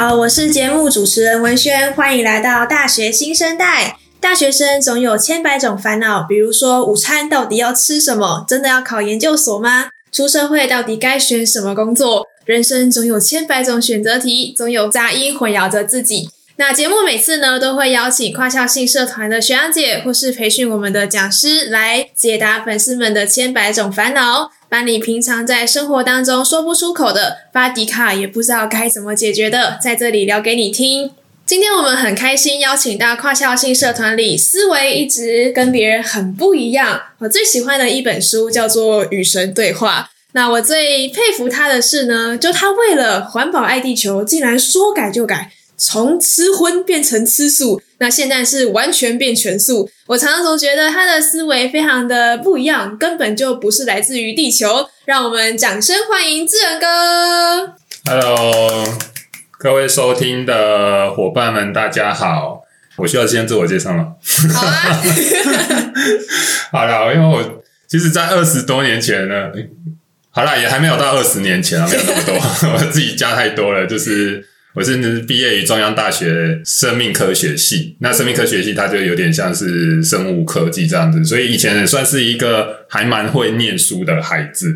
好，我是節目主持人文軒，歡迎來到大學新生代。大學生總有千百種煩惱，比如說午餐到底要吃什麼？真的要考研究所嗎？出社會到底該選什麼工作？人生總有千百種選擇題，總有雜音混淆着自己。那節目每次呢，都會邀請跨校性社團的學長姐或是培訓我們的講師來解答粉絲們的千百種煩惱。把你平常在生活當中說不出口的、巴迪卡也不知道該怎麼解決的，在這裡聊給你聽。今天我們很開心邀請到跨校性社團裡，思維一直跟別人很不一樣。我最喜歡的一本書叫做《與神對話》。那我最佩服他的事呢，就他為了環保愛地球，竟然說改就改。從吃葷變成吃素，那現在是完全變全素。我常常總覺得他的思維非常的不一樣，根本就不是來自於地球。讓我們掌聲歡迎智仁哥。Hello，各位收聽的夥伴們，大家好。我需要先自我介紹了。好，啊、 好啦，好了，因為我其實在二十多年前呢，好了，也還沒有到二十年前啊，沒有那麼多，我自己加太多了，就是。我是畢業於中央大學生命科學系，那生命科學系它就有點像是生物科技這樣子，所以以前也算是一個還蠻會念書的孩子。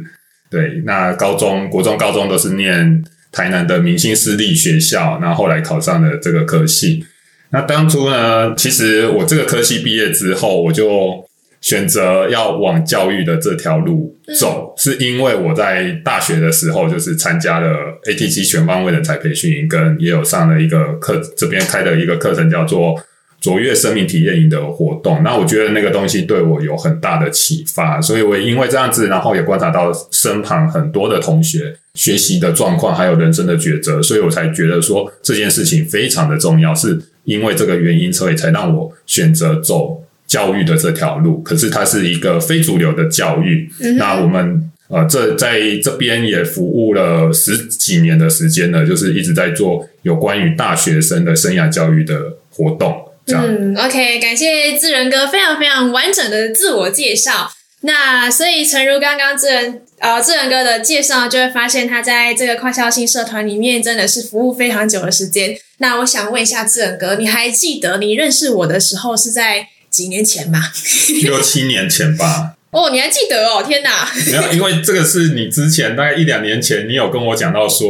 對，那高中國中、高中都是念台南的明星私立學校，然後後來考上了這個科系。那當初呢，其實我這個科系畢業之後，我就，選擇要往教育的這條路走，是因為我在大學的時候就是參加了 ATCC 全方位人才培訓營，跟也有上了一個課，這邊開的一個課程叫做卓越生命體驗營的活動。那我覺得那個東西對我有很大的啟發，所以我也因為這樣子，然後也觀察到身旁很多的同學學習的狀況，還有人生的抉擇，所以我才覺得說這件事情非常的重要，是因為這個原因，所以才讓我選擇走教育的這條路，可是它是一個非主流的教育。嗯、那我們呃，這在這邊也服務了十幾年的時間呢，就是一直在做有關於大學生的生涯教育的活動。這樣。嗯，OK，感謝智仁哥非常非常完整的自我介紹。那所以，誠如剛剛智仁呃智仁哥的介紹，就會發現他在這個跨校性社團裡面真的是服務非常久的時間。那我想問一下智仁哥，你還記得你認識我的時候是在？幾年前吧， 六七年前吧。哦，你還記得哦？天哪！ 沒有，因為這個是你之前大概一兩年前，你有跟我講到說，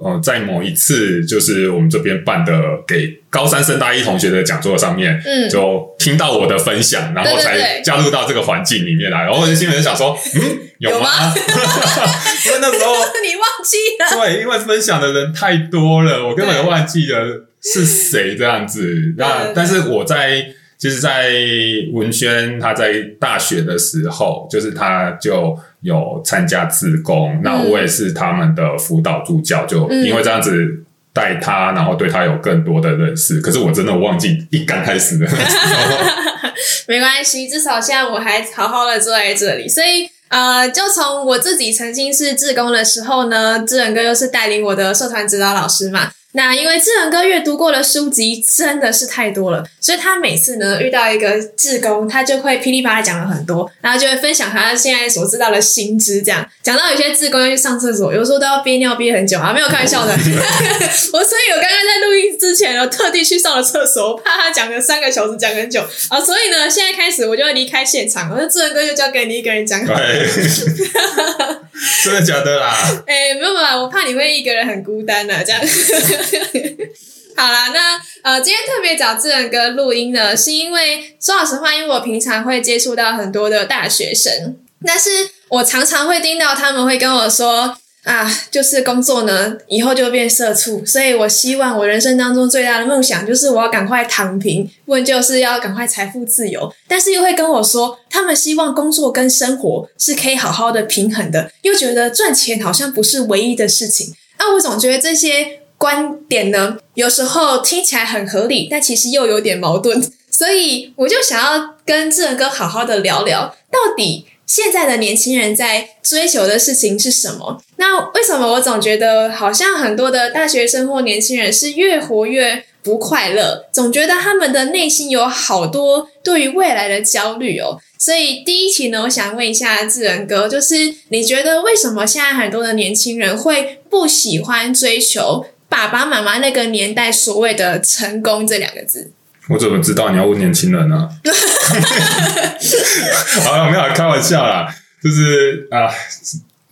呃在某一次就是我們這邊辦的給高三升大一同學的講座上面，嗯，就聽到我的分享，然後才加入到這個環境裡面來。對對對，然後我就心裡面想說嗯，嗯，有嗎？因為那時候你忘記了，對，因為分享的人太多了，我根本忘記了是誰這樣子。對對對，那但是我在。就是在文軒，他在大學的時候，就是他就有參加志工，嗯，那我也是他們的輔導助教，就因為這樣子帶他，然後對他有更多的認識。嗯、可是我真的忘記一剛開始哈， 沒關係，至少現在我還好好的坐在這裡。所以呃，就從我自己曾經是志工的時候呢，智仁哥又是帶領我的社團指導老師嘛。那因為智仁哥閱讀過的書籍真的是太多了，所以他每次呢遇到一個志工，他就會噼里啪啦講了很多，然後就會分享他現在所知道的新知。這樣講到有些志工要去上廁所，有時候都要憋尿憋很久啊，沒有開玩笑的。哦、 我所以我剛剛在錄音之前呢，我特地去上了廁所，我怕他講了三個小時講很久啊。所以呢，現在開始我就會離開現場，我說智仁哥就交給你一個人講。哎、 真的假的啦？哎、欸，沒有沒有，我怕你會一個人很孤單呢、啊，這樣。 好了，那呃，今天特別找智仁哥錄音呢，是因為說老實話，因為我平常會接觸到很多的大學生，但是我常常會聽到他們會跟我說啊，就是工作呢以後就變社畜，所以我希望我人生當中最大的夢想就是我要趕快躺平，不然就是要趕快財富自由。但是又會跟我說，他們希望工作跟生活是可以好好的平衡的，又覺得賺錢好像不是唯一的事情，那、啊、我總覺得這些。觀點呢，有時候聽起來很合理，但其實又有點矛盾，所以我就想要跟智仁哥好好的聊聊，到底現在的年輕人在追求的事情是什麼？那為什麼我總覺得好像很多的大學生或年輕人是越活越不快樂？總覺得他們的內心有好多對於未來的焦慮哦。所以第一題呢，我想問一下智仁哥，就是你覺得為什麼現在很多的年輕人會不喜歡追求？爸爸媽媽那個年代所謂的成功這兩個字，我怎麼知道你要問年輕人呢、啊？ 好了，沒有開玩笑啦，就是啊，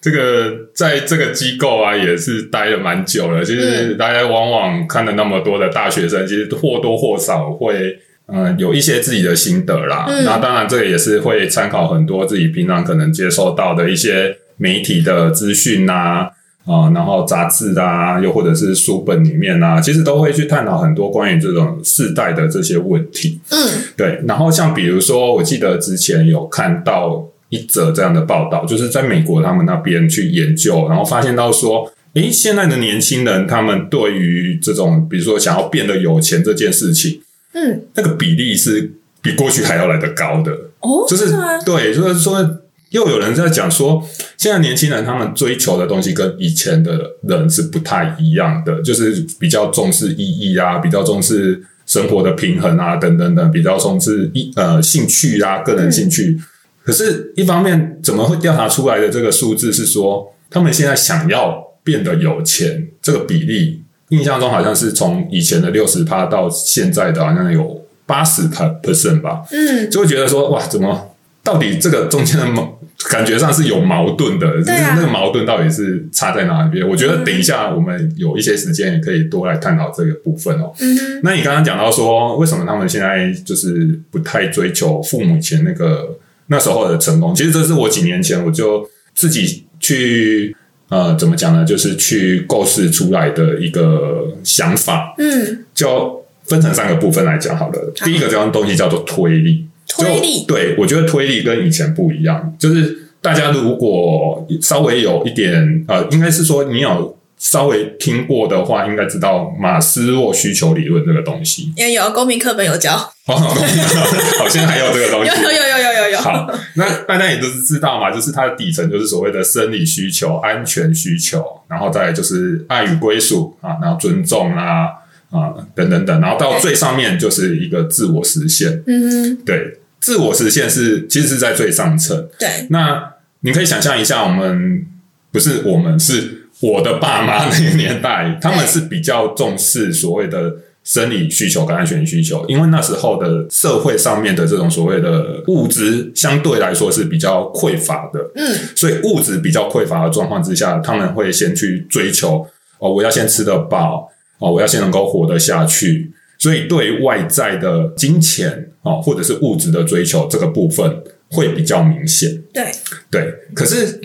這個在這個機構啊也是待了蠻久了。其實大家往往看了那麼多的大學生，嗯、其實或多或少會嗯、呃、有一些自己的心得啦。嗯、那當然，這個也是會參考很多自己平常可能接受到的一些媒體的資訊啊。啊、嗯，然後雜誌啊，又或者是書本裡面啊，其實都會去探討很多關於這種世代的這些問題。嗯，對。然後像比如說，我記得之前有看到一則這樣的報道就是在美國他們那邊去研究，然後發現到說，誒，現在的年輕人他們對於這種比如說想要變得有錢這件事情，嗯，那個比例是比過去還要來得高的。哦，就是對，就是說。又有人在講說，現在年輕人他們追求的東西跟以前的人是不太一樣的，就是比較重視意義啊，比較重視生活的平衡啊，等等等，比較重視一呃興趣啊，個人興趣。嗯、可是，一方面怎麼會調查出來的這個數字是說，他們現在想要變得有錢這個比例，印象中好像是從以前的六十趴到現在的好像有八十 per percent 吧？嗯，就會覺得說，哇，怎麼到底這個中間的某感覺上是有矛盾的，啊就是，那個矛盾到底是差在哪裡？我覺得等一下我們有一些時間，也可以多來探討這個部分哦、喔。嗯，那你剛剛講到說，為什麼他們現在就是不太追求父母前那個那時候的成功？其實這是我幾年前我就自己去呃怎麼講呢？就是去構思出來的一個想法。嗯，就分成三個部分來講好了好。第一個這樣東西叫做推力。推力就對，我覺得推力跟以前不一樣，就是大家如果稍微有一點呃，應該是說你有稍微聽過的話，應該知道馬斯洛需求理論這個東西。也有公民課本有教， 好像還有這個東西。有有有有有有有。好，那大家也都是知道嘛，就是它的底層就是所謂的生理需求、安全需求，然後再就是愛與歸屬啊，然後尊重啊。啊，等等等，然後到最上面就是一個自我實現。嗯，對，自我實現是其實是在最上層。對，那你可以想象一下，我們不是，我們是我的爸媽那個年代，他們是比較重視所謂的生理需求跟安全需求，因為那時候的社會上面的這種所謂的物質相對來說是比較匱乏的。嗯，所以物質比較匱乏的狀況之下，他們會先去追求哦，我要先吃得飽。哦，我要先能夠活得下去，所以對於外在的金錢啊，或者是物質的追求這個部分會比較明顯。對。對對，可是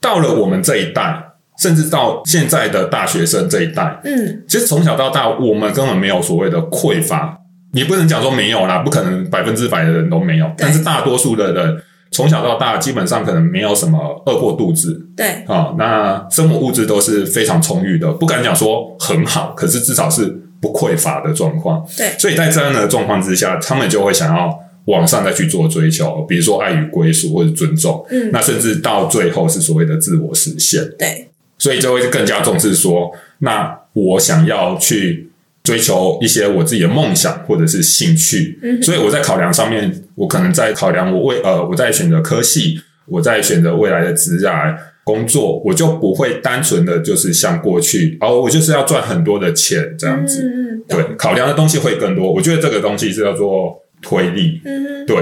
到了我們這一代，甚至到現在的大學生這一代，嗯，其實從小到大，我們根本沒有所謂的匱乏，你不能講說沒有啦，不可能百分之百的人都沒有，但是大多數的人。從小到大，基本上可能沒有什麼餓過肚子，對啊、哦，那生活物質都是非常充裕的，不敢講說很好，可是至少是不匱乏的狀況，對。所以在這樣的狀況之下，他們就會想要往上再去做追求，比如說愛與歸屬或者尊重，嗯，那甚至到最後是所謂的自我實現，對。所以就會更加重視說，那我想要去追求一些我自己的夢想或者是興趣，嗯，所以我在考量上面，我可能在考量我未，呃，我在選擇科系，我在選擇未來的職涯工作，我就不會單純的就是像過去哦，我就是要賺很多的錢這樣子，嗯對。對，考量的東西會更多。我覺得這個東西是叫做推力，嗯、對。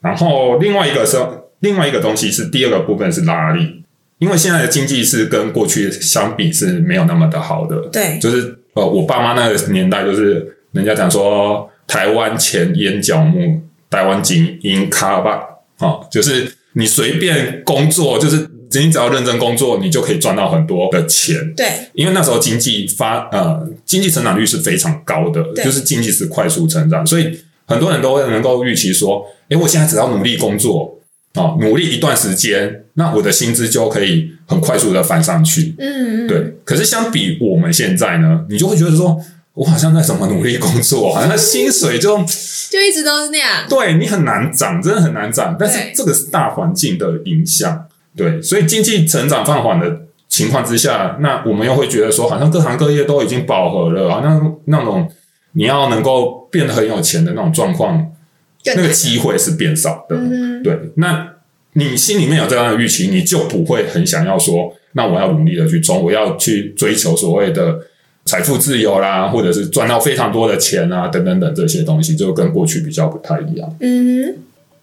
然後另外一個是另外一個東西是第二個部分是拉力，因為現在的經濟是跟過去相比是沒有那麼的好的。對，就是呃，我爸媽那個年代就是人家講說台灣錢淹腳目。台灣精英卡吧啊，哦，就是你隨便工作，就是你只要認真工作，你就可以賺到很多的錢。對，因為那時候經濟發，呃，經濟成長率是非常高的，就是經濟是快速成長，所以很多人都能夠預期說，誒，欸，我現在只要努力工作啊，哦，努力一段時間，那我的薪資就可以很快速的翻上去。嗯，嗯，對。可是相比我們現在呢，你就會覺得說，我好像在怎麼努力工作，好像薪水就就一直都是那樣。對，你很難漲，真的很難漲。但是這個是大環境的影響，對。所以經濟成長放緩的情況之下，那我們又會覺得說，好像各行各業都已經飽和了，好像那種你要能夠變得很有錢的那種狀況，那個機會是變少的。對，那你心裡面有這樣的預期，你就不會很想要說，那我要努力的去衝，我要去追求所謂的。財富自由啦，或者是賺到非常多的錢啊，等等等這些東西，就跟過去比較不太一樣。嗯，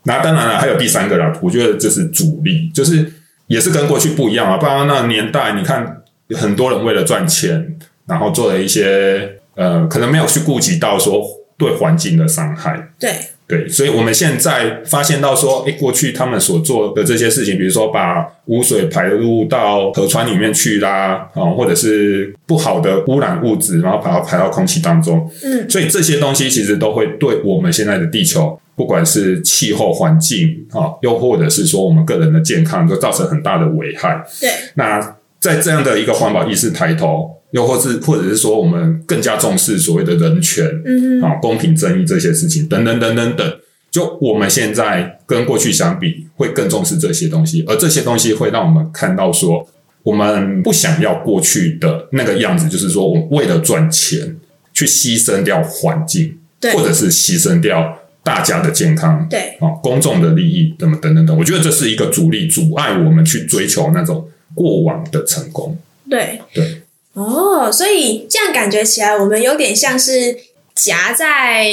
那當然了，還有第三個啦，我覺得這是主力，就是也是跟過去不一樣啊。不然那年代，你看很多人為了賺錢，然後做了一些呃，可能沒有去顧及到說對環境的傷害。對。對，所以我們現在發現到說，誒，過去他們所做的這些事情，比如說把污水排入到河川裡面去啦，啊，或者是不好的污染物質，然後把它排到空氣當中，嗯，所以這些東西其實都會對我們現在的地球，不管是氣候環境啊，又或者是說我們個人的健康，都造成很大的危害。對，那在這樣的一個環保意識抬頭，又或是或者是說，我們更加重視所謂的人權，嗯啊，公平正義這些事情，等等等等等。就我們現在跟過去相比，會更重視這些東西，而這些東西會讓我們看到說，我們不想要過去的那個樣子，就是說我們為了賺錢去犧牲掉環境，對，或者是犧牲掉大家的健康，對啊，公眾的利益，怎麼等等等。我覺得這是一個阻力，阻礙我們去追求那種過往的成功。對對。哦，所以這樣感覺起來，我們有點像是夾在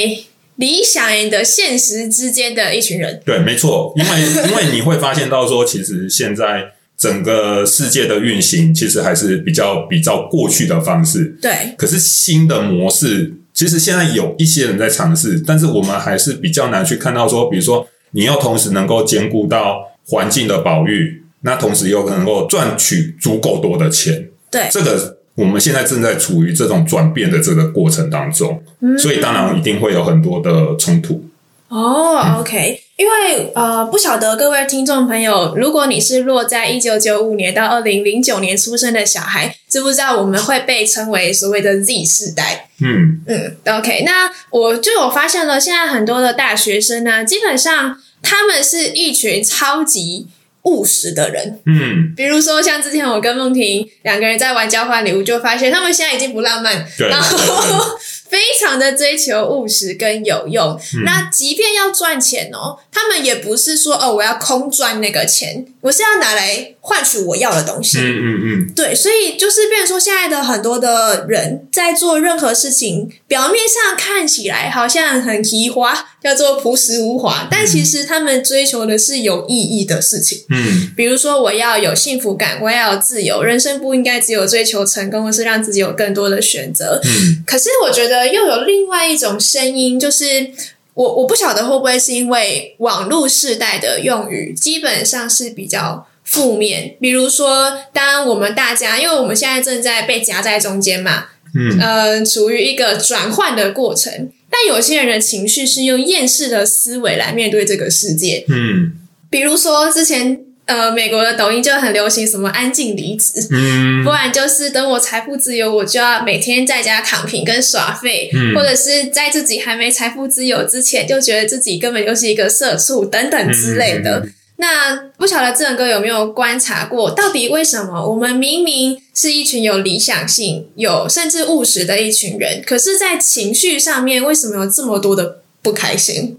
理想的現實之間的一群人。對，沒錯，因為因為你會發現到說， 其實現在整個世界的運行其實還是比較比較過去的方式。對，可是新的模式，其實現在有一些人在嘗試，但是我們還是比較難去看到說，比如說你又同時能夠兼顧到環境的保育，那同時又能夠賺取足夠多的錢。對，這個。我們現在正在處於這種轉變的這個過程當中，嗯、所以當然一定會有很多的衝突。哦、嗯，OK，因為呃，不曉得各位聽眾朋友，如果你是落在一九九五年到二零零九年出生的小孩，知不知道我們會被稱為所謂的 Z 世代？嗯嗯，OK，那我就我發現了，現在很多的大學生呢，基本上他們是一群超級。務實的人，嗯，比如說像之前我跟夢婷兩個人在玩交換禮物，就發現他們現在已經不浪漫，嗯、然後非常的追求務實跟有用。嗯、那即便要賺錢哦、喔，他們也不是說哦、喔，我要空賺那個錢。我是要拿來換取我要的東西，嗯嗯嗯，對，所以就是，變成說，現在的很多的人在做任何事情，表面上看起來好像很提花，叫做樸實無華，嗯，但其實他們追求的是有意義的事情，嗯，比如說，我要有幸福感，我要自由，人生不應該只有追求成功，或是讓自己有更多的選擇，嗯，可是我覺得又有另外一種聲音，就是。我我不曉得會不會是因為網絡世代的用語基本上是比較負面，比如說，當我們大家，因為我們現在正在被夾在中間嘛，嗯、呃，處於一個轉換的過程，但有些人的情緒是用厭世的思維來面對這個世界，嗯，比如說之前。呃，美國的抖音就很流行什麼安靜離職，不然就是等我財富自由，我就要每天在家躺平跟耍廢、嗯，或者是在自己還沒財富自由之前，就覺得自己根本就是一個社畜等等之類的。嗯嗯嗯、那不曉得智仁哥有沒有觀察過，到底為什麼我們明明是一群有理想性、有甚至務實的一群人，可是，在情緒上面，為什麼有這麼多的不開心？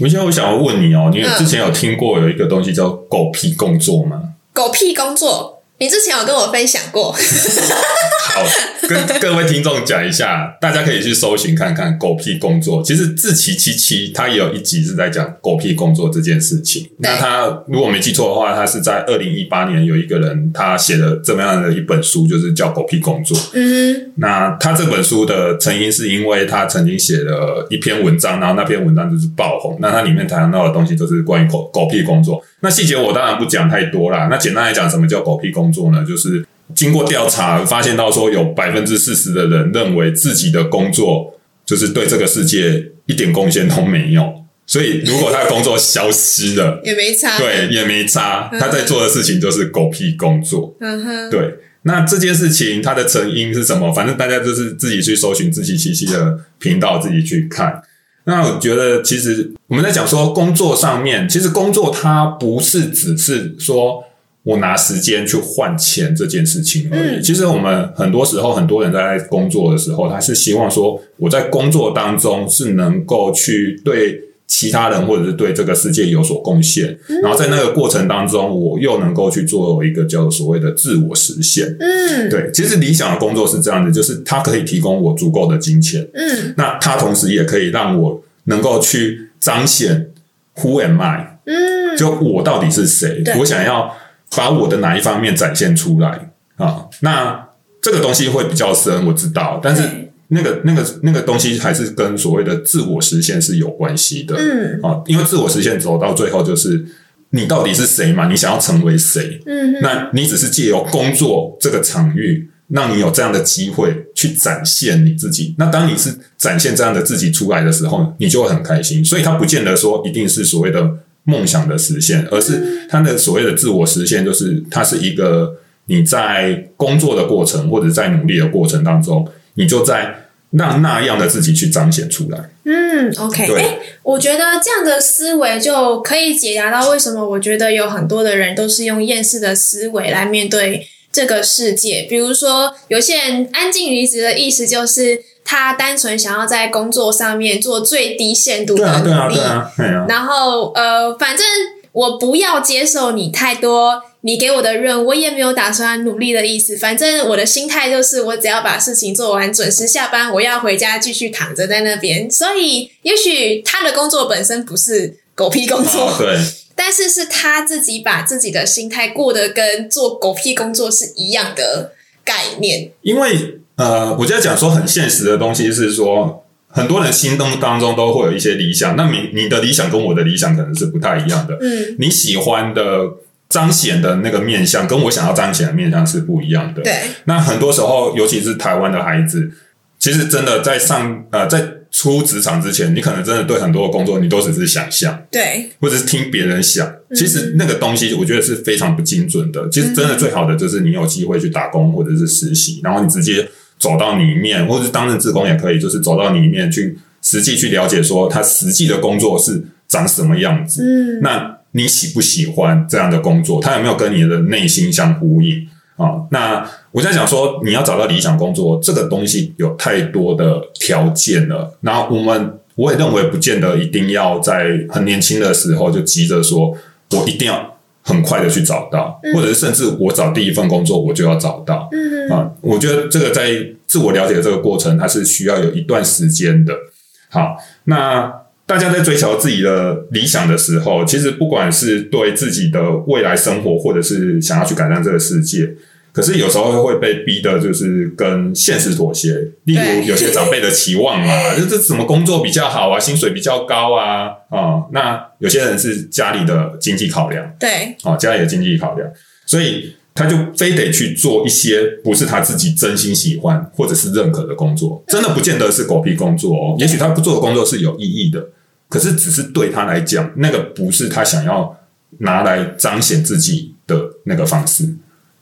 我現在我想要問你哦，你之前有聽過有一個東西叫“狗屁工作”嗎？狗屁工作，你之前有跟我分享過。 好跟各位聽眾講一下，大家可以去搜尋看看“狗屁工作”。其實《志祺七七》他也有一集是在講“狗屁工作”這件事情。那他如果沒記錯的話，他是在二零一八年有一個人他寫了這麼樣的一本書，就是叫《狗屁工作》。嗯，那他這本書的成因是因為他曾經寫了一篇文章，然後那篇文章就是爆紅。那它裡面談到的東西就是關於“狗狗屁工作”。那細節我當然不講太多啦。那簡單來講，什麼叫“狗屁工作”呢？就是。經過調查，發現到說有百分之四十的人認為自己的工作就是對這個世界一點貢獻都沒有，所以如果他的工作消失了也沒差，對也沒差呵呵，他在做的事情就是狗屁工作。嗯哼，對。那這件事情它的成因是什麼？反正大家就是自己去搜尋，自己奇息的頻道自己去看。那我覺得，其實我們在講說工作上面，其實工作它不是只是說。我拿時間去換錢這件事情而已。其實我們很多時候，很多人在工作的時候，他是希望說，我在工作當中是能夠去對其他人或者是對這個世界有所貢獻，然後在那個過程當中，我又能夠去做一個叫做所謂的自我實現。嗯，對。其實理想的工作是這樣的，就是它可以提供我足夠的金錢。嗯，那它同時也可以讓我能夠去彰顯 “Who am I？” 嗯，就我到底是誰？我想要。把我的哪一方面展現出來啊、哦。那這個東西會比較深，我知道。但是那個、那個、那個東西還是跟所謂的自我實現是有關係的。嗯，啊、哦，因為自我實現走到最後就是你到底是誰嘛？你想要成為誰？嗯，那你只是借由工作這個場域，讓你有這樣的機會去展現你自己。那當你是展現這樣的自己出來的時候，你就會很開心。所以，他不見得說一定是所謂的。夢想的實現，而是他的所謂的自我實現，就是它是一個你在工作的過程或者在努力的過程當中，你就在讓那,那樣的自己去彰顯出來。嗯，OK，哎、欸，我覺得這樣的思維就可以解答到為什麼我覺得有很多的人都是用厭世的思維來面對這個世界。比如說，有些人安靜離職的意思就是。他單純想要在工作上面做最低限度的努力，對啊對啊對啊，然後呃，反正我不要接受你太多，你給我的任務我也沒有打算努力的意思。反正我的心態就是，我只要把事情做完，準時下班，我要回家繼續躺着在那邊。所以，也許他的工作本身不是狗屁工作，好，對，但是是他自己把自己的心態過得跟做狗屁工作是一樣的概念，因為。呃，我覺得講說很現實的東西是說，很多人心中當中都會有一些理想。那你你的理想跟我的理想可能是不太一樣的。嗯，你喜歡的彰顯的那個面向，跟我想要彰顯的面向是不一樣的。對。那很多時候，尤其是台灣的孩子，其實真的在上呃在出職場之前，你可能真的對很多工作你都只是想象，對，或者是聽別人想。其實那個東西，我覺得是非常不精準的。嗯。其實真的最好的就是你有機會去打工或者是實習，然後你直接。走到裡面，或者是擔任志工也可以，就是走到裡面去，實際去了解說他實際的工作是長什麼樣子。嗯，那你喜不喜歡這樣的工作？他有沒有跟你的內心相呼應啊、嗯？那我在講說，你要找到理想工作，這個東西有太多的條件了。然後我們我也認為，不見得一定要在很年輕的時候就急着說，我一定要。很快的去找到，或者是甚至我找第一份工作我就要找到。嗯嗯，啊，我覺得這個在自我了解的這個過程，它是需要有一段時間的。好，那大家在追求自己的理想的時候，其實不管是對自己的未來生活，或者是想要去改善這個世界。可是有時候會被逼的，就是跟現實妥協。例如有些長輩的期望啊，就是、這什麼工作比較好啊，薪水比較高啊，啊、哦，那有些人是家裡的經濟考量，對，啊、哦，家裡的經濟考量，所以他就非得去做一些不是他自己真心喜歡或者是認可的工作。真的不見得是狗屁工作哦，也許他不做的工作是有意義的，可是只是對他來講，那個不是他想要拿來彰顯自己的那個方式。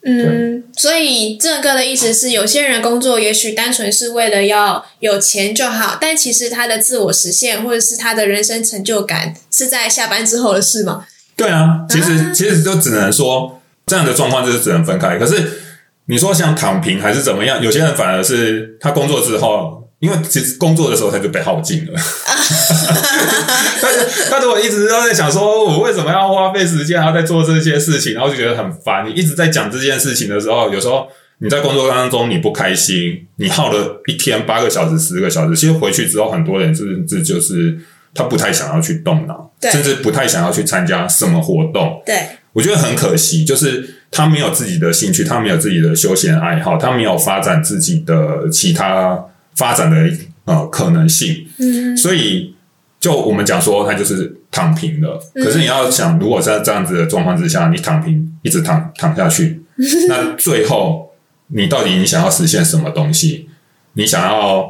嗯，所以這個的意思是，有些人工作也許單純是為了要有錢就好，但其實他的自我實現或者是他的人生成就感是在下班之後的事嘛。對啊，其實、啊、其實就只能說這樣的狀況就是只能分開。可是你說想躺平還是怎麼樣？有些人反而是他工作之後。因為其實工作的時候他就被耗盡了，啊， 但是，但是我一直都在想說，說我為什麼要花費時間啊，他在做這些事情，然後就覺得很煩。你一直在講這件事情的時候，有時候你在工作當中你不開心，你耗了一天八個小時、十個小時，其實回去之後，很多人甚至就是，就是他不太想要去動腦，甚至不太想要去參加什麼活動。對，我覺得很可惜，就是他沒有自己的興趣，他沒有自己的休閒愛好，他沒有發展自己的其他。發展的呃可能性，嗯，所以就我們講說，它就是躺平了，嗯。可是你要想，如果在這樣子的狀況之下，你躺平一直躺躺下去，那最後你到底你想要實現什麼東西？你想要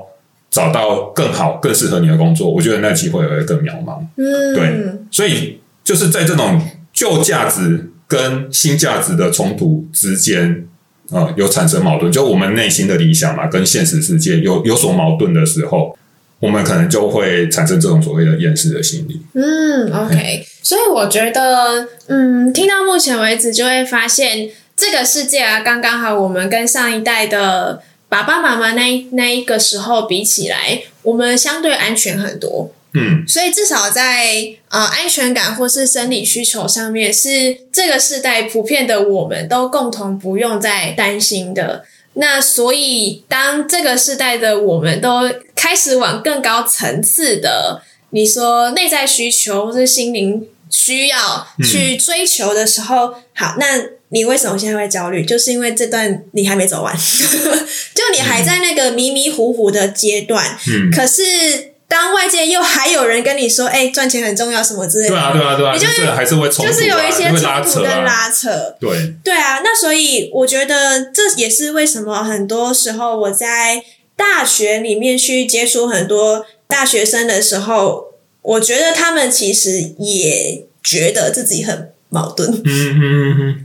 找到更好、更適合你的工作？我覺得那個機會會更渺茫。嗯，對。所以就是在這種舊價值跟新價值的衝突之間。呃、嗯，有產生矛盾，就我們內心的理想嘛，跟現實世界有有所矛盾的時候，我們可能就會產生這種所謂的厭世的心理。嗯，OK，所以我覺得，嗯，聽到目前為止就會發現，這個世界啊，剛剛好我們跟上一代的爸爸媽媽那那一個時候比起來，我們相對安全很多。嗯，所以至少在呃安全感或是生理需求上面，是這個世代普遍的，我們都共同不用再擔心的。那所以，當這個世代的我們都開始往更高層次的，你說內在需求或是心靈需要去追求的時候，嗯，好，那你為什麼現在會焦慮？就是因為這段你還沒走完， 就你還在那個迷迷糊糊的階段。嗯，可是。當外界又還有人跟你說“哎，賺錢很重要”什麼之類的，對啊對啊對啊，你就、就是、還是會衝突啊、就是有一些拉拉扯，拉扯啊、對對啊。那所以我覺得這也是為什麼很多時候我在大學裡面去接觸很多大學生的時候，我覺得他們其實也覺得自己很。矛盾，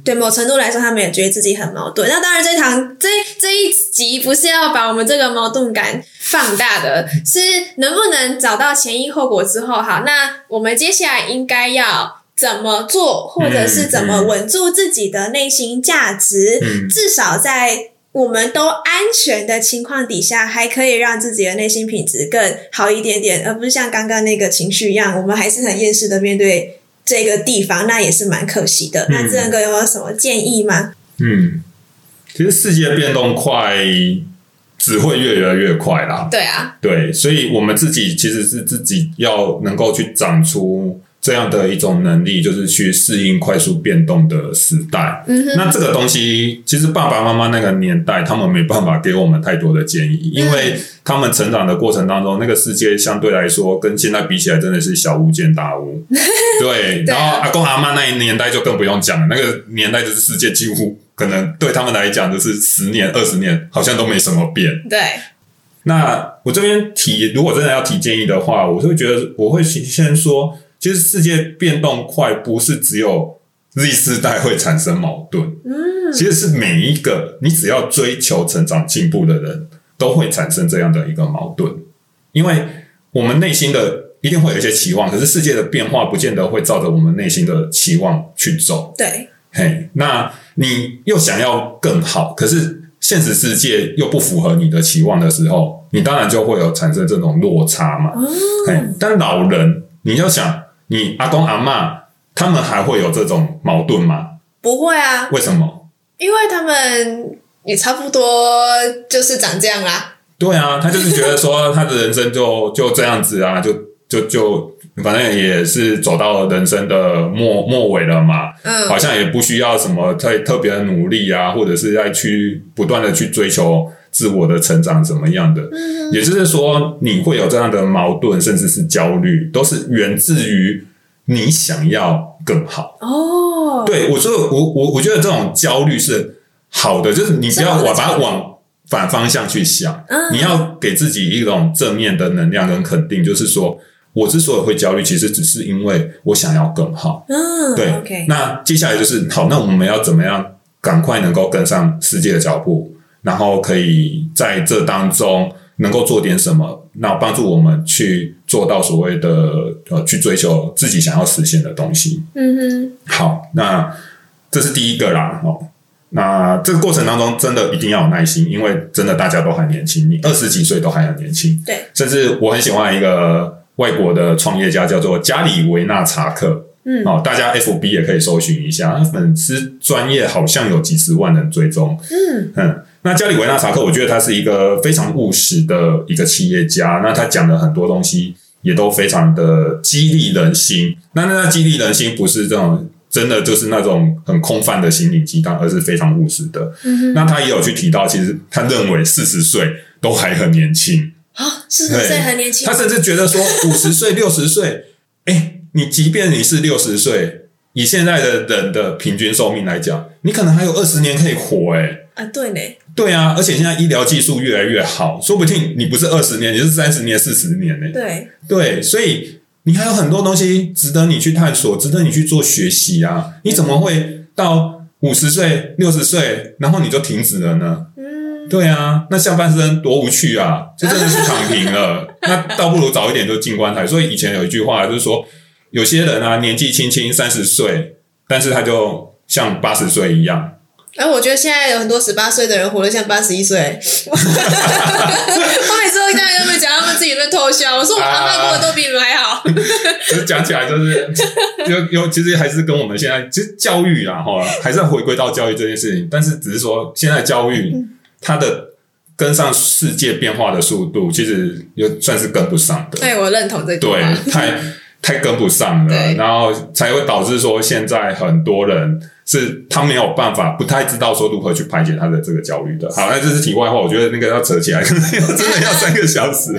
對某程度來說，他們也覺得自己很矛盾。那當然這，這堂這這一集不是要把我們這個矛盾感放大的，是能不能找到前因後果之後，好，那我們接下來應該要怎麼做，或者是怎麼穩住自己的內心價值？至少在我們都安全的情況底下，還可以讓自己的內心品質更好一點點，而不是像剛剛那個情緒一樣，我們還是很厭世的面對這個地方，那也是蠻可惜的。嗯、那智仁哥有沒有什麼建議嗎？嗯，其實世界變動快，只會越來越快啦。對啊，對，所以我們自己其實是自己要能夠去長出。這樣的一種能力，就是去適應快速變動的時代，嗯。那這個東西，其實爸爸媽媽那個年代，他們沒辦法給我們太多的建議，嗯、因為他們成長的過程當中，那個世界相對來說跟現在比起來，真的是小巫見大巫。 對，然後阿公阿媽那一年代就更不用講了，那個年代就是世界幾乎可能對他們來講，就是十年、二十年，好像都沒什麼變。對。那我這邊提，如果真的要提建議的話，我會覺得我會先說。其實世界變動快，不是只有 Z 世代會產生矛盾、嗯。其實是每一個你只要追求成長進步的人，都會產生這樣的一個矛盾，因為我們內心的一定會有一些期望，可是世界的變化不見得會照着我們內心的期望去走。對，嘿、hey，那你又想要更好，可是現實世界又不符合你的期望的時候，你當然就會有產生這種落差嘛。哦、hey, 但老人，你要想，你阿公阿嬤他們還會有這種矛盾嗎？不會啊。為什麼？因為他們也差不多就是長這樣啦、啊。對啊，他就是覺得說他的人生就 就這樣子啊，就就就反正也是走到了人生的末末尾了嘛。嗯，好像也不需要什麼特特別的努力啊，或者是要去不斷的去追求自我的成長怎麼樣的？嗯，也就是說，你會有這樣的矛盾，甚至是焦慮，都是源自於你想要更好。哦，對，我覺得我我我覺得這種焦慮是好的，就是你不要我把它往反方向去想，嗯、你要給自己一種正面的能量跟肯定，就是說，我之所以會焦慮，其實只是因為我想要更好。嗯，對。嗯、那接下來就是好，那我們要怎麼樣趕快能夠跟上世界的腳步？然後可以在這當中能夠做點什麼，那幫助我們去做到所謂的呃，去追求自己想要實現的東西。嗯哼。好，那這是第一個啦哦。那這個過程當中真的一定要有耐心，因為真的大家都還年輕，你二十幾歲都還很年輕。對。甚至我很喜歡一個外國的創業家，叫做加里維納查克。嗯。哦，大家 F B 也可以搜尋一下，粉絲專頁好像有幾十萬人追蹤。嗯嗯。那加里維納查克，我覺得他是一個非常務實的一個企業家。那他講的很多東西，也都非常的激勵人心。那那他激勵人心，不是這種真的就是那種很空泛的心靈雞湯，而是非常務實的。嗯哼。那他也有去提到，其實他認為四十歲都還很年輕啊，四十歲還年輕，他甚至覺得說五十歲、六十歲，哎， 你即便你是六十歲，以現在的人的平均壽命來講，你可能還有二十年可以活，欸。哎啊，對嘞。對啊，而且現在醫療技術越來越好，說不定你不是二十年，你是三十年、四十年呢。對對，所以你還有很多東西值得你去探索，值得你去做學習啊！你怎麼會到五十歲、六十歲，然後你就停止了呢？嗯，對啊，那下半生多無趣啊！這真的是躺平了， 那倒不如早一點就進棺材。所以以前有一句話就是說，有些人啊年紀輕輕三十歲，但是他就像八十歲一樣。哎、欸，我覺得現在有很多十八歲的人活得像八十一歲。 我每次都跟他們講，他們自己在偷笑。我說我爸媽過得都比你們還好。講、呃、起來就是有有，其實還是跟我們現在其實教育啦，哈，還是要回歸到教育這件事情。但是只是說，現在教育它的跟上世界變化的速度，其實也算是跟不上的。對、欸，我認同這句話。對，太太跟不上了，然後才會導致說現在很多人。是，他沒有辦法，不太知道說如何去排解他的這個焦慮的。好，那這是題外話，我覺得那個要扯起來，要 真的要三個小時。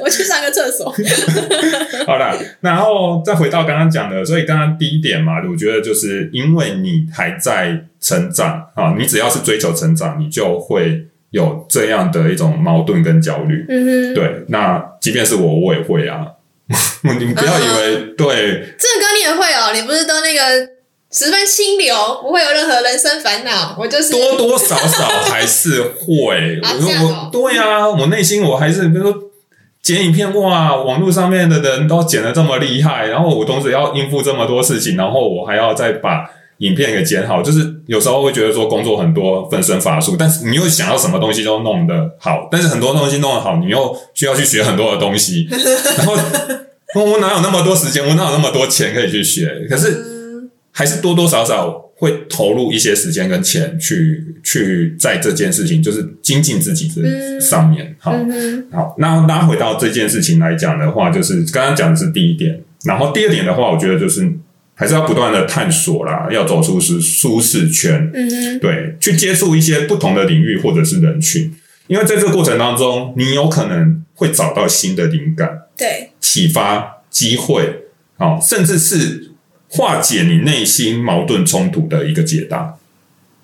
我去上個廁所。 好了，然後再回到剛剛講的，所以剛剛第一點嘛，我覺得就是因為你還在成長啊，你只要是追求成長，你就會有這樣的一種矛盾跟焦慮、嗯哼。對，那即便是我，我也會啊。 你們不要以為、嗯、對，鄭哥你也會哦，你不是都那個。十分清流，不會有任何人生煩惱。我就是多多少少還是會， 我說我、啊哦、我對呀、啊，我內心我還是比如說剪影片，哇，網絡上面的人都剪得這麼厲害，然後我同時要應付這麼多事情，然後我還要再把影片給剪好，就是有時候會覺得說工作很多，分身乏術。但是你又想要什麼東西都弄得好，但是很多東西弄得好，你又需要去學很多的東西， 然後我哪有那麼多時間？我哪有那麼多錢可以去學？可是，嗯還是多多少少會投入一些時間跟錢去去在這件事情，就是精進自己的上面。嗯、好、嗯，好，那拉回到這件事情來講的話，就是剛剛講的是第一點，然後第二點的話，我覺得就是還是要不斷的探索啦，要走出是舒適圈、嗯。對，去接觸一些不同的領域或者是人群，因為在這個過程當中，你有可能會找到新的靈感，對，啟發機會，哦、甚至是。化解你內心矛盾衝突的一個解答。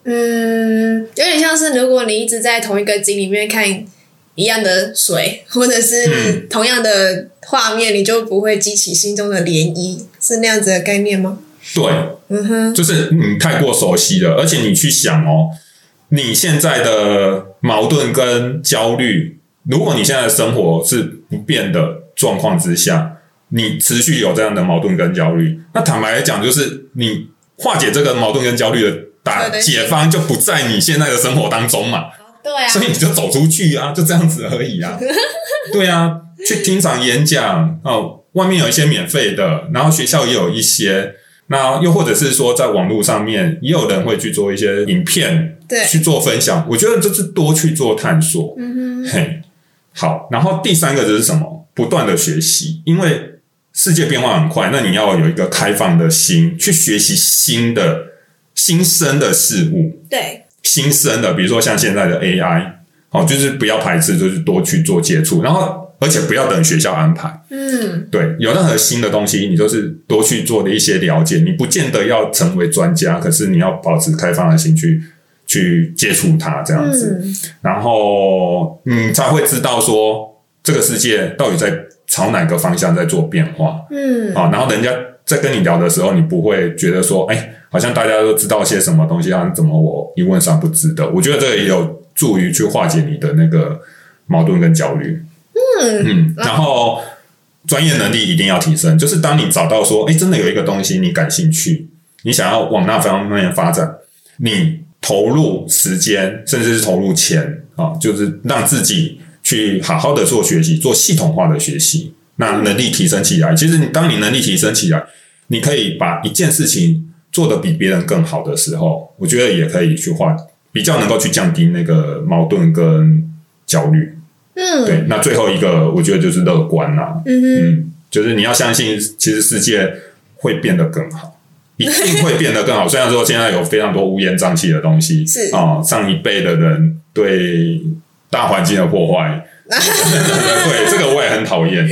嗯，有點像是如果你一直在同一個井裡面看一樣的水，或者是同樣的畫面，嗯，你就不會激起心中的漣漪，是那樣子的概念嗎？對，嗯哼，就是你太過熟悉了，而且你去想哦，你現在的矛盾跟焦慮，如果你現在的生活是不變的狀況之下，.你持續有這樣的矛盾跟焦慮，那坦白來講，就是你化解這個矛盾跟焦慮的答案解方就不在你現在的生活當中嘛，對啊，所以你就走出去啊，就這樣子而已啊，呵呵呵，對啊，去聽場演講、啊、外面有一些免費的，然後學校也有一些，那又或者是說在網絡上面也有人會去做一些影片，對，去做分享，我覺得就是多去做探索，嗯哼，嘿、hey，好，然後第三個就是什麼，不斷的學習，因為。世界變化很快，那你要有一個開放的心，去學習新的、新生的事物。對，新生的，比如說像現在的 AI，哦，就是不要排斥，就是多去做接觸。然後，而且不要等學校安排。嗯，對，有任何新的東西，你都是多去做的一些了解。你不見得要成為專家，可是你要保持開放的心去去接觸它，這樣子，嗯、然後你、嗯、才會知道說這個世界到底在朝哪個方向在做變化？嗯，啊，然後人家在跟你聊的時候，你不會覺得說，哎、欸，好像大家都知道些什麼東西啊，啊怎麼我一問三不知的？我覺得這個也有助於去化解你的那個矛盾跟焦慮。嗯嗯，然後啊、專業能力一定要提升，就是當你找到說，哎、欸，真的有一個東西你感興趣，你想要往那方面發展，你投入時間，甚至是投入錢啊，就是讓自己。去好好的做學習，做系統化的學習，那能力提升起來。其實你當你能力提升起來，你可以把一件事情做得比別人更好的時候，我覺得也可以去換，比較能夠去降低那個矛盾跟焦慮。嗯，對。那最後一個，我覺得就是樂觀啦、啊。嗯嗯，就是你要相信，其實世界會變得更好，一定會變得更好。 雖然說現在有非常多烏煙瘴氣的東西，是啊、嗯，上一輩的人對。大環境的破壞， 對這個我也很討厭。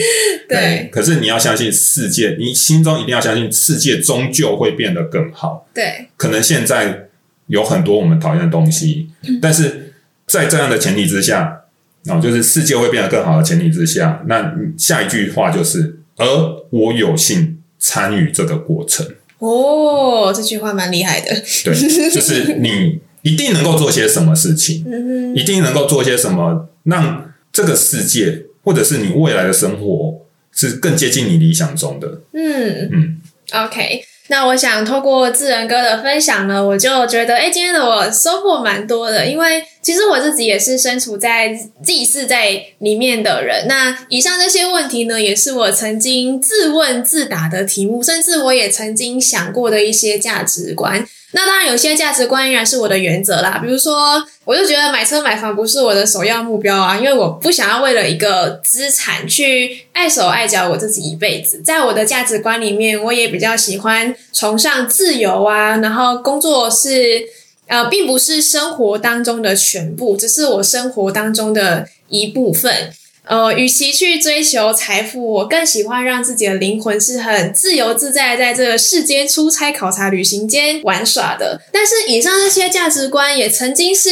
對，可是你要相信世界，你心中一定要相信世界終究會變得更好。對，可能現在有很多我們討厭的東西、嗯，但是在這樣的前提之下，哦，就是世界會變得更好的前提之下，那下一句話就是：而我有幸參與這個過程。哦，這句話蠻厲害的。對，就是你。 一定能夠做些什麼事情，嗯、哼，一定能夠做些什麼，讓這個世界或者是你未來的生活是更接近你理想中的。嗯嗯，OK，那我想透過智仁哥的分享呢，我就覺得，哎、欸，今天的我收穫蠻多的，因為其實我自己也是身處在自己是在裡面的人。那以上這些問題呢，也是我曾經自問自答的題目，甚至我也曾經想過的一些價值觀。那當然，有些價值觀依然是我的原則啦。比如說，我就覺得買車買房不是我的首要目標啊，因為我不想要為了一個資產去礙手礙腳我自己一輩子。在我的價值觀裡面，我也比較喜歡崇尚自由啊。然後工作是，呃，並不是生活當中的全部，只是我生活當中的一部分。呃，與其去追求財富，我更喜歡讓自己的靈魂是很自由自在，在這個世間出差、考察、旅行間玩耍的。但是，以上這些價值觀也曾經是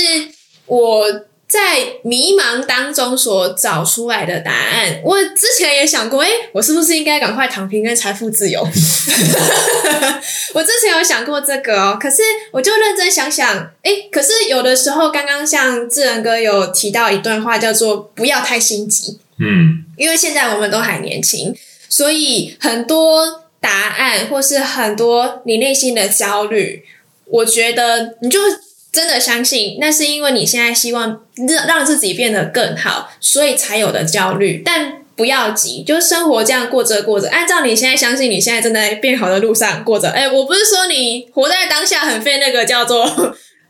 我在迷茫當中所找出來的答案，我之前也想過，誒、欸，我是不是應該趕快躺平跟財富自由？ 我之前有想過這個哦、喔，可是我就認真想想，誒、欸，可是有的時候，剛剛像智仁哥有提到一段話，叫做“不要太心急”，嗯，因為現在我們都還年輕，所以很多答案或是很多你內心的焦慮，我覺得你就，真的相信，那是因為你現在希望讓讓自己變得更好，所以才有的焦慮。但不要急，就是生活這樣過着過着，按照你現在相信，你現在正在變好的路上過着。哎、欸，我不是說你活在當下很廢那個叫做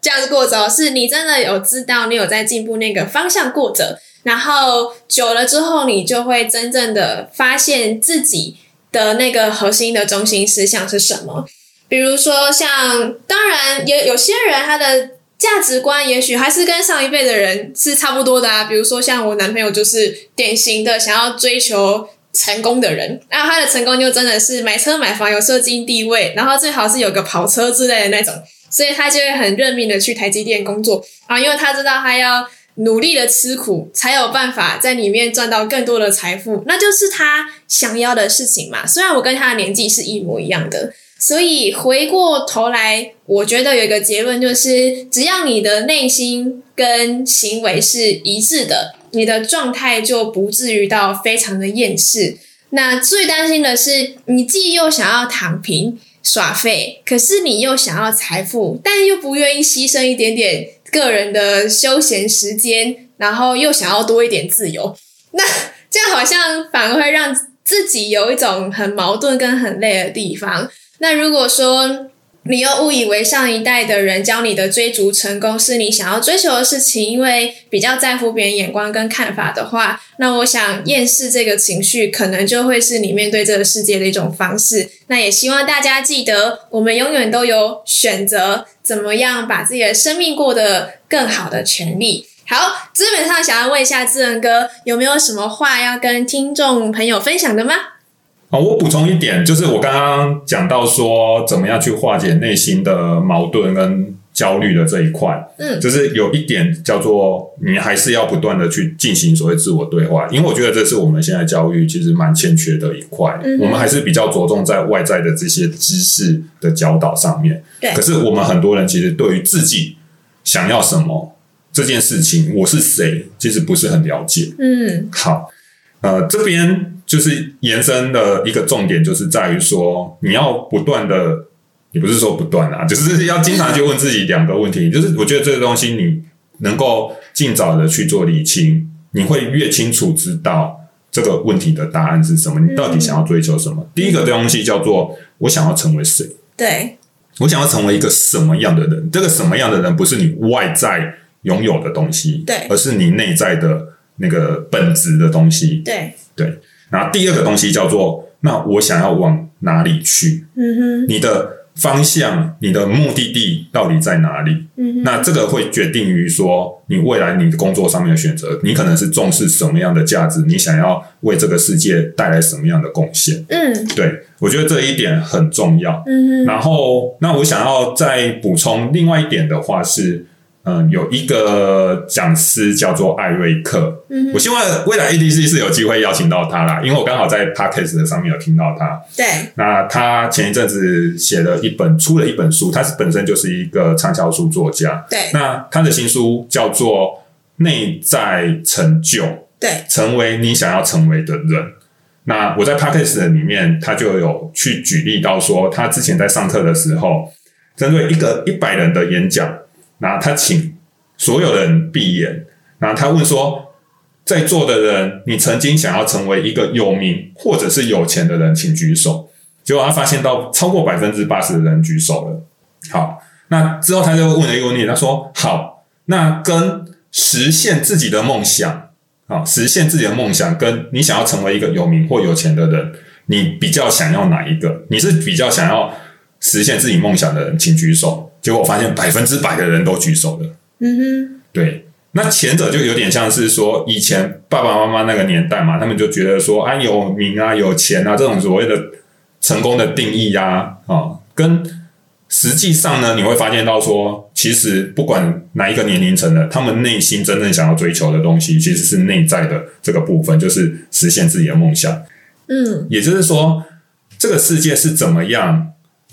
這樣子過着，是你真的有知道你有在進步那個方向過着。然後久了之後，你就會真正的發現自己的那個核心的中心思想是什麼。比如說像，像當然也有些人，他的價值觀也許還是跟上一輩的人是差不多的啊。比如說，像我男朋友就是典型的想要追求成功的人，然後他的成功就真的是買車買房，有社經地位，然後最好是有個跑車之類的那種，所以他就會很認命的去台積電工作啊，因為他知道他要努力的吃苦，才有辦法在裡面賺到更多的財富，那就是他想要的事情嘛。雖然我跟他的年紀是一模一樣的。所以回過頭來，我覺得有一個結論就是，只要你的內心跟行為是一致的，你的狀態就不至於到非常的厭世。那最擔心的是，你既又想要躺平耍廢，可是你又想要財富，但又不願意犧牲一點點個人的休閒時間，然後又想要多一點自由。那這樣好像反而會讓自己有一種很矛盾跟很累的地方。那如果說你又誤以為上一代的人教你的追逐成功是你想要追求的事情，因為比較在乎別人眼光跟看法的話，那我想厭世這個情緒可能就會是你面對這個世界的一種方式。那也希望大家記得，我們永遠都有選擇怎麼樣把自己的生命過得更好的權利。好，基本上想要問一下智仁哥，有沒有什麼話要跟聽眾朋友分享的嗎？啊，我補充一點，就是我剛剛講到說，怎麼樣去化解內心的矛盾跟焦慮的這一塊，嗯，就是有一點叫做，你還是要不斷的去進行所謂自我對話，因為我覺得這是我們現在教育其實蠻欠缺的一塊，嗯，我們還是比較着重在外在的這些知識的教導上面，對，可是我們很多人其實對於自己想要什麼這件事情，我是誰，其實不是很了解，嗯，好，呃，這邊。就是延伸的一個重點，就是在於說，你要不斷的，也不是說不斷啊，就是要經常去問自己兩個問題。就是我覺得這個東西，你能夠儘早的去做理清，你會越清楚知道這個問題的答案是什麼。你到底想要追求什麼？嗯。第一個東西叫做我想要成為誰？對，我想要成為一個什麼樣的人？這個什麼樣的人不是你外在擁有的東西，對，而是你內在的那個本質的東西。對，對。然後第二個東西叫做，那我想要往哪裡去？嗯哼，你的方向、你的目的地到底在哪裡？嗯哼，那這個會決定於說，你未來你的工作上面的選擇，你可能是重視什麼樣的價值？你想要為這個世界帶來什麼樣的貢獻？嗯，對，我覺得這一點很重要。嗯哼，然後那我想要再補充另外一點的話是。嗯，有一個講師叫做艾瑞克，嗯，我希望未來 ADC 是有機會邀請到他啦，因為我剛好在 Podcast 的上面有聽到他。對，那他前一陣子寫了一本，出了一本書，他是本身就是一個暢銷書作家。對，那他的新書叫做《內在成就》，對，成為你想要成為的人。那我在 Podcast 的裡面，他就有去舉例到說，他之前在上課的時候，針對一個一百人的演講。那他請所有人閉眼，然後他問說：“在座的人，你曾經想要成為一個有名或者是有錢的人，請舉手。”結果他發現到超過百分之八十的人舉手了。好，那之後他就會問了一個問題，他說：“好，那跟實現自己的夢想啊，實現自己的夢想，跟你想要成為一個有名或有錢的人，你比較想要哪一個？你是比較想要實現自己夢想的人，請舉手。”結果我發現百分之百的人都舉手了。嗯哼，對，那前者就有點像是說以前爸爸媽媽那個年代嘛，他們就覺得說，哎、啊，有名啊，有錢啊，這種所謂的成功的定義呀、啊，啊、哦，跟實際上呢，你會發現到說，其實不管哪一個年齡層的，他們內心真正想要追求的東西，其實是內在的這個部分，就是實現自己的夢想。嗯，也就是說，這個世界是怎麼樣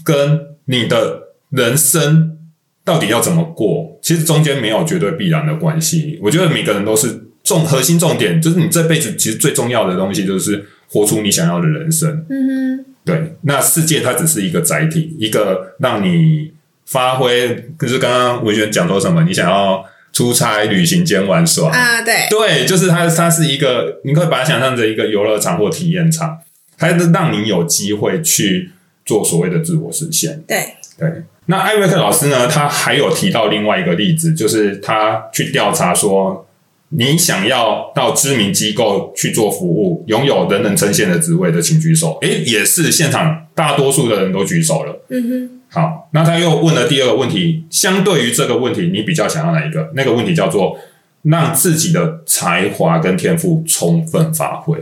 跟你的。人生到底要怎麼過？其實中間沒有絕對必然的關係。我覺得每個人都是重核心重點，就是你這輩子其實最重要的東西，就是活出你想要的人生。嗯哼，對。那世界它只是一個載體，一個讓你發揮。就是剛剛文軒講說什麼，你想要出差、旅行、兼玩耍啊？對，對，就是它，它是一個，你可以把它想象成一個遊樂場或體驗場，它是讓你有機會去做所謂的自我實現。對，對。那艾瑞克老師呢？他還有提到另外一個例子，就是他去調查說，你想要到知名機構去做服務，擁有人人稱羨的職位的，請舉手。誒也是現場大多數的人都舉手了。嗯哼。好，那他又問了第二個問題，相對於這個問題，你比較想要哪一個？那個問題叫做讓自己的才華跟天賦充分發揮。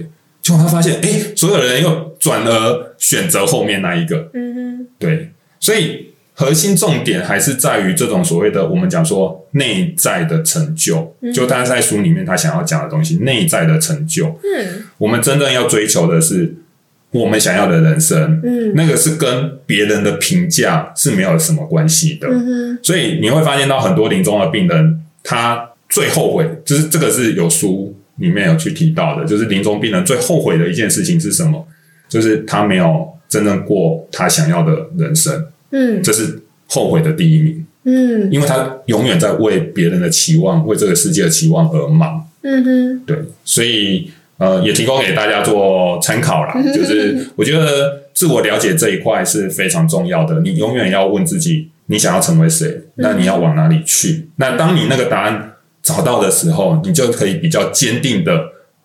結果他發現，誒所有人又轉而選擇後面那一個。嗯哼。對，所以。核心重點還是在於這種所謂的我們講說內在的成就，就他在書裡面他想要講的東西，內在的成就。我們真正要追求的是我們想要的人生。那個是跟別人的評價是沒有什麼關係的。所以你會發現到很多臨終的病人，他最後悔就是這個是有書裡面有去提到的，就是臨終病人最後悔的一件事情是什麼？就是他沒有真正過他想要的人生。嗯，這是後悔的第一名。嗯，因為他永遠在為別人的期望、為這個世界的期望而忙。嗯哼，對，所以呃，也提供給大家做參考啦、嗯。就是我覺得自我了解這一塊是非常重要的。你永遠要問自己，你想要成為誰、嗯？那你要往哪裡去？那當你那個答案找到的時候，你就可以比較堅定的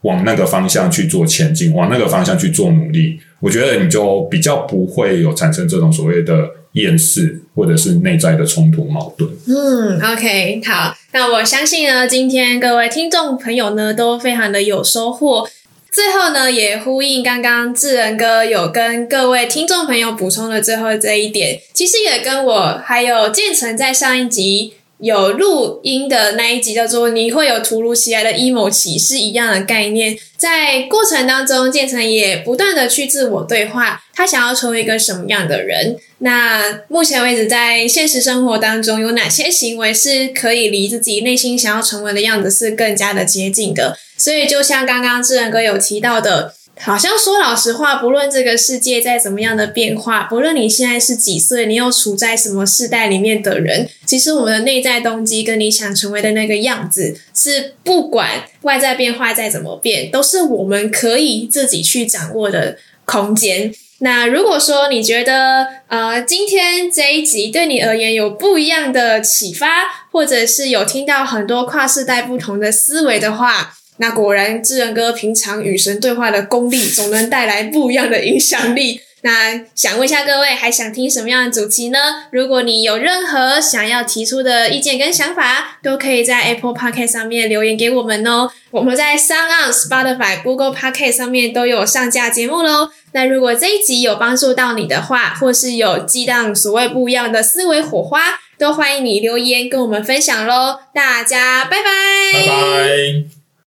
往那個方向去做前進，往那個方向去做努力。我覺得你就比較不會有產生這種所謂的。厭世，或者是內在的衝突矛盾。嗯，OK，好，那我相信呢，今天各位聽眾朋友呢，都非常的有收穫。最後呢，也呼應剛剛智仁哥有跟各位聽眾朋友補充的最後這一點，其實也跟我還有建成在上一集。有錄音的那一集叫做“你會有突如其來的 EMO 期”一樣的概念，在過程當中，建成也不斷的去自我對話，他想要成為一個什麼樣的人？那目前為止，在現實生活當中，有哪些行為是可以離自己內心想要成為的樣子是更加的接近的？所以，就像剛剛智仁哥有提到的。好像說老實話，不論這個世界再怎麼樣的變化，不論你現在是幾歲，你又處在什麼世代裡面的人，其實我們的內在動機跟你想成為的那個樣子，是不管外在變化再怎麼變，都是我們可以自己去掌握的空間。那如果說你覺得，呃，今天這一集對你而言有不一樣的啟發，或者是有聽到很多跨世代不同的思維的話，那果然，智仁哥平常與神對話的功力，總能帶來不一樣的影響力。 那想問一下各位，還想聽什麼樣的主題呢？如果你有任何想要提出的意見跟想法，都可以在 Apple Podcast 上面留言給我們哦。我們在 SoundOn、Spotify、Google Podcast 上面都有上架節目嘍。那如果這一集有幫助到你的話，或是有激盪所謂不一樣的思維火花，都歡迎你留言跟我們分享嘍。大家拜拜，拜拜。